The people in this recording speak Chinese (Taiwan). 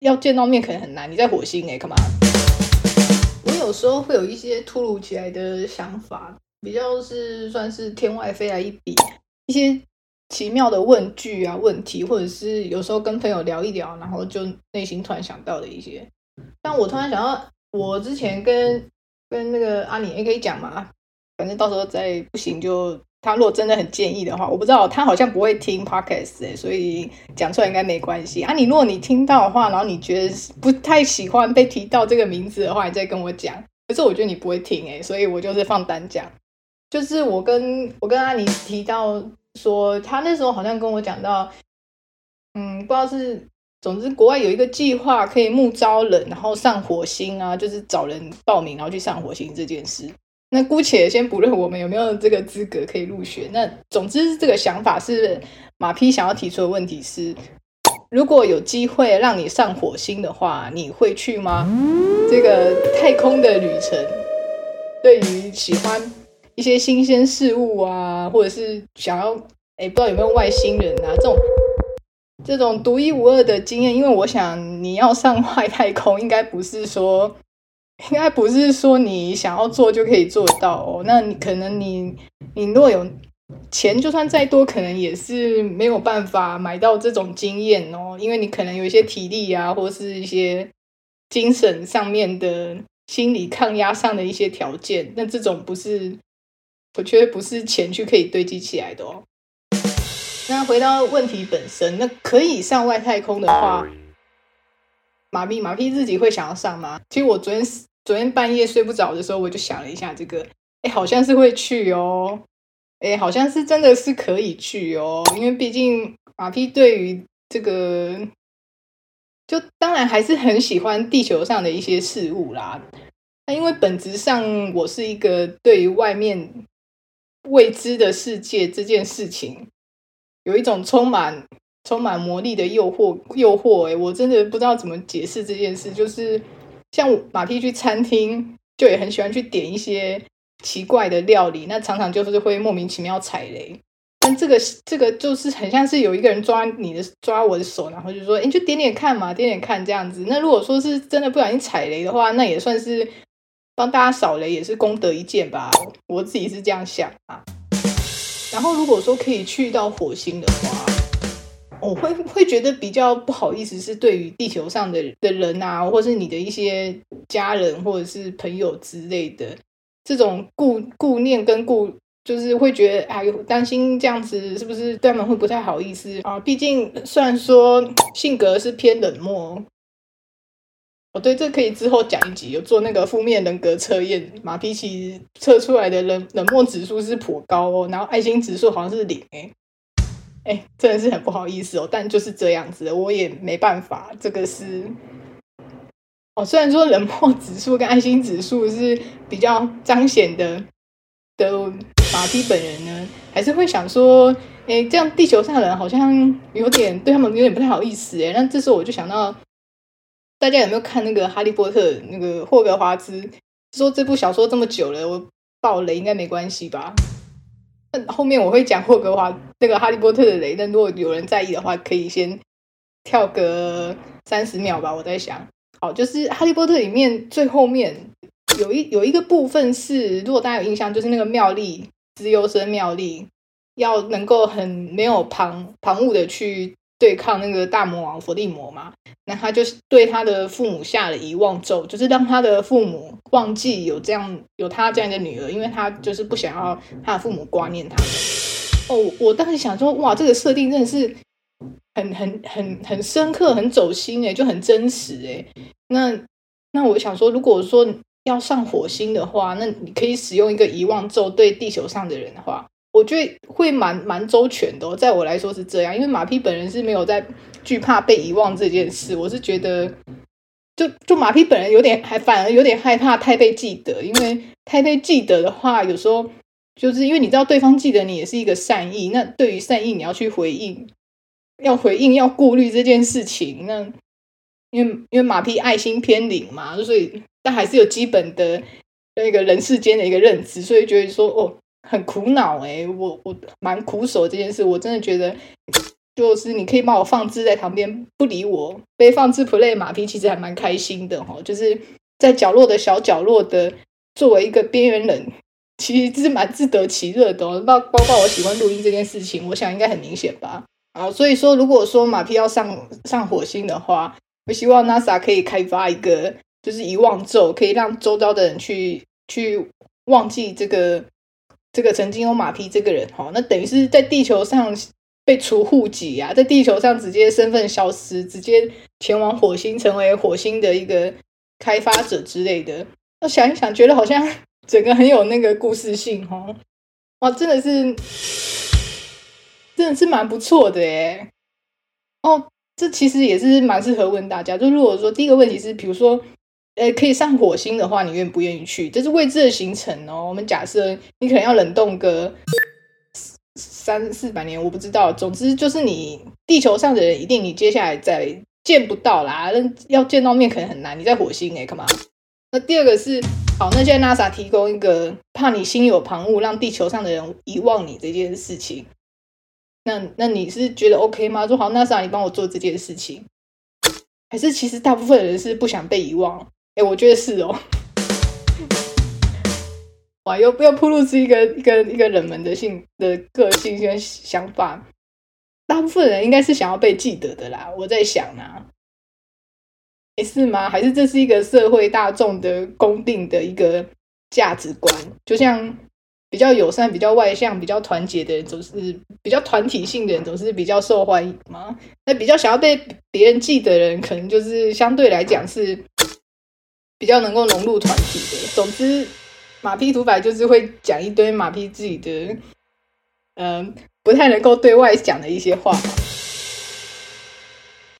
要見到面可能很難，你在火星哎、欸，幹嘛？我有時候會有一些突如其來的想法，比較是算是天外飛來一筆，一些奇妙的問句啊、問題，或者是有時候跟朋友聊一聊，然後就內心突然想到的一些。但我突然想到，我之前跟跟那個阿寧 A K 講嘛，反正到時候再不行就。他如果真的很建議的話，我不知道他好像不會聽 Podcast、欸、所以講出來應該沒關係啊。你如果你聽到的話，然後你覺得不太喜歡被提到這個名字的話，你再跟我講。可是我覺得你不會聽誒、欸，所以我就是放膽講，就是我跟我跟阿尼提到說，他那時候好像跟我講到，嗯，不知道是，總之國外有一個計劃可以募招人，然後上火星啊，就是找人報名然後去上火星這件事。那姑且先不論我們有沒有這個資格可以入學，那總之這個想法是瑪 Ｐ 想要提出的問題是：如果有機會讓你上火星的話，你會去嗎？這個太空的旅程，對於喜歡一些新鮮事物啊，或者是想要誒、欸、不知道有沒有外星人啊這種這種獨一無二的經驗，因為我想你要上外太空，應該不是說應該不是說你想要做就可以做到哦。那你可能你你若有錢，就算再多，可能也是沒有辦法買到這種經驗哦。因為你可能有一些體力啊，或是一些精神上面的、心理抗壓上的一些條件。那這種不是，我覺得不是錢去可以堆積起來的哦。那回到問題本身，那可以上外太空的話，瑪 Ｐ 瑪 Ｐ 自己會想要上嗎？其實我昨天昨天半夜睡不着的時候，我就想了一下這個，誒、欸、好像是會去哦，誒、欸、好像是真的是可以去哦，因為畢竟瑪 Ｐ 對於這個，就當然還是很喜歡地球上的一些事物啦。那因為本質上我是一個對於外面未知的世界這件事情，有一種充滿。充滿魔力的誘惑，誘惑欸，我真的不知道怎麼解釋這件事。就是像瑪 Ｐ 去餐廳，就也很喜歡去點一些奇怪的料理，那常常就是會莫名其妙踩雷。但這個這個就是很像是有一個人抓你的抓我的手，然後就說：“欸，就點點看嘛，點點看這樣子。”那如果說是真的不小心踩雷的話，那也算是幫大家掃雷，也是功德一件吧。我自己是這樣想啊。然後如果說可以去到火星的話。我會會覺得比較不好意思，是對於地球上的的人啊，或是你的一些家人或者是朋友之類的，這種顧顧念跟顧，就是會覺得哎，擔心這樣子是不是對他們會不太好意思啊？畢竟雖然說性格是偏冷漠，哦，對，這可以之後講一集，有做那個負面人格測驗，瑪 Ｐ 其實測出來的冷冷漠指數是頗高哦，然後愛心指數好像是零誒哎、欸，真的是很不好意思哦，但就是這樣子的，我也沒辦法。這個是哦，雖然說冷漠指數跟愛心指數是比較彰顯的，的瑪 Ｐ 本人呢，還是會想說，哎、欸，這樣地球上的人好像有點對他們有點不太好意思哎。那這時候我就想到，大家有沒有看那個《哈利波特》那個《霍格華茲》？說這部小說這麼久了，我爆雷應該沒關係吧？後面我會講霍格華那個哈利波特的雷頓，那如果有人在意的話，可以先跳個三十秒吧。我在想，哦，就是哈利波特裡面最後面有一有一個部分是，如果大家有印象，就是那個妙麗，資優生妙麗，要能夠很沒有旁旁騖的去。對抗那個大魔王伏地魔嘛，那他就是對他的父母下了遺忘咒，就是讓他的父母忘記有這樣有他這樣一個女兒，因為他就是不想要他的父母掛念他。哦，我當時想說，哇，這個設定真的是很很很很深刻，很走心誒、欸，就很真實誒、欸。那那我想說，如果說要上火星的話，那你可以使用一個遺忘咒對地球上的人的話。我覺得會蠻蠻周全的、哦，在我來說是這樣，因為瑪 Ｐ 本人是沒有在懼怕被遺忘這件事。我是覺得就，就就瑪 Ｐ 本人有點還反而有點害怕太被記得，因為太被記得的話，有時候就是因為你知道對方記得你也是一個善意，那對於善意你要去回應，要回應要顧慮這件事情。那因為因為瑪 Ｐ 愛心偏零嘛，所以但還是有基本的那個人世間的一個認知，所以覺得說哦。很苦惱誒、欸，我我蠻苦手這件事，我真的覺得就是你可以把我放置在旁邊不理我，被放置 play 瑪 P，其實還蠻開心的哈、哦。就是在角落的小角落的，作為一個邊緣人，其實是蠻自得其樂的、哦。包包括我喜歡錄音這件事情，我想應該很明顯吧。啊，所以說如果說瑪 P 要上上火星的話，我希望 NASA 可以開發一個就是遺忘咒，可以讓周遭的人去去忘記這個。這個曾經有瑪 Ｐ 這個人，好，那等於是在地球上被除戶籍啊，在地球上直接身份消失，直接前往火星，成為火星的一個開發者之類的。我想一想，覺得好像整個很有那個故事性哈，哇，真的是，真的是蠻不錯的哎。哦，這其實也是蠻適合問大家，就如果說第一個問題是，比如說。呃，可以上火星的話，你願不願意去？這是未知的行程哦。我們假設你可能要冷凍個三四百年，我不知道。總之就是你地球上的人一定你接下來再見不到啦，要見到面可能很難。你在火星誒、欸、幹嘛？那第二個是好，那現在 NASA 提供一個怕你心有旁騖，讓地球上的人遺忘你這件事情。那那你是覺得 OK 嗎？說好，NASA 你幫我做這件事情，還是其實大部分人是不想被遺忘。哎、欸，我覺得是哦。哇，又又鋪路是一個一個一個人們的性、的個性跟想法。大部分人應該是想要被記得的啦，我在想沒、啊、欸、是嗎？還是這是一個社會大眾的公定的一個價值觀？就像比較友善、比較外向、比較團結的人，總是比較團體性的人，總是比較受歡迎嗎？那比較想要被別人記得的人，可能就是相對來講是。比較能夠融入團體的，總之，瑪 Ｐ 獨白就是會講一堆瑪 Ｐ 自己的，嗯，不太能夠對外講的一些話。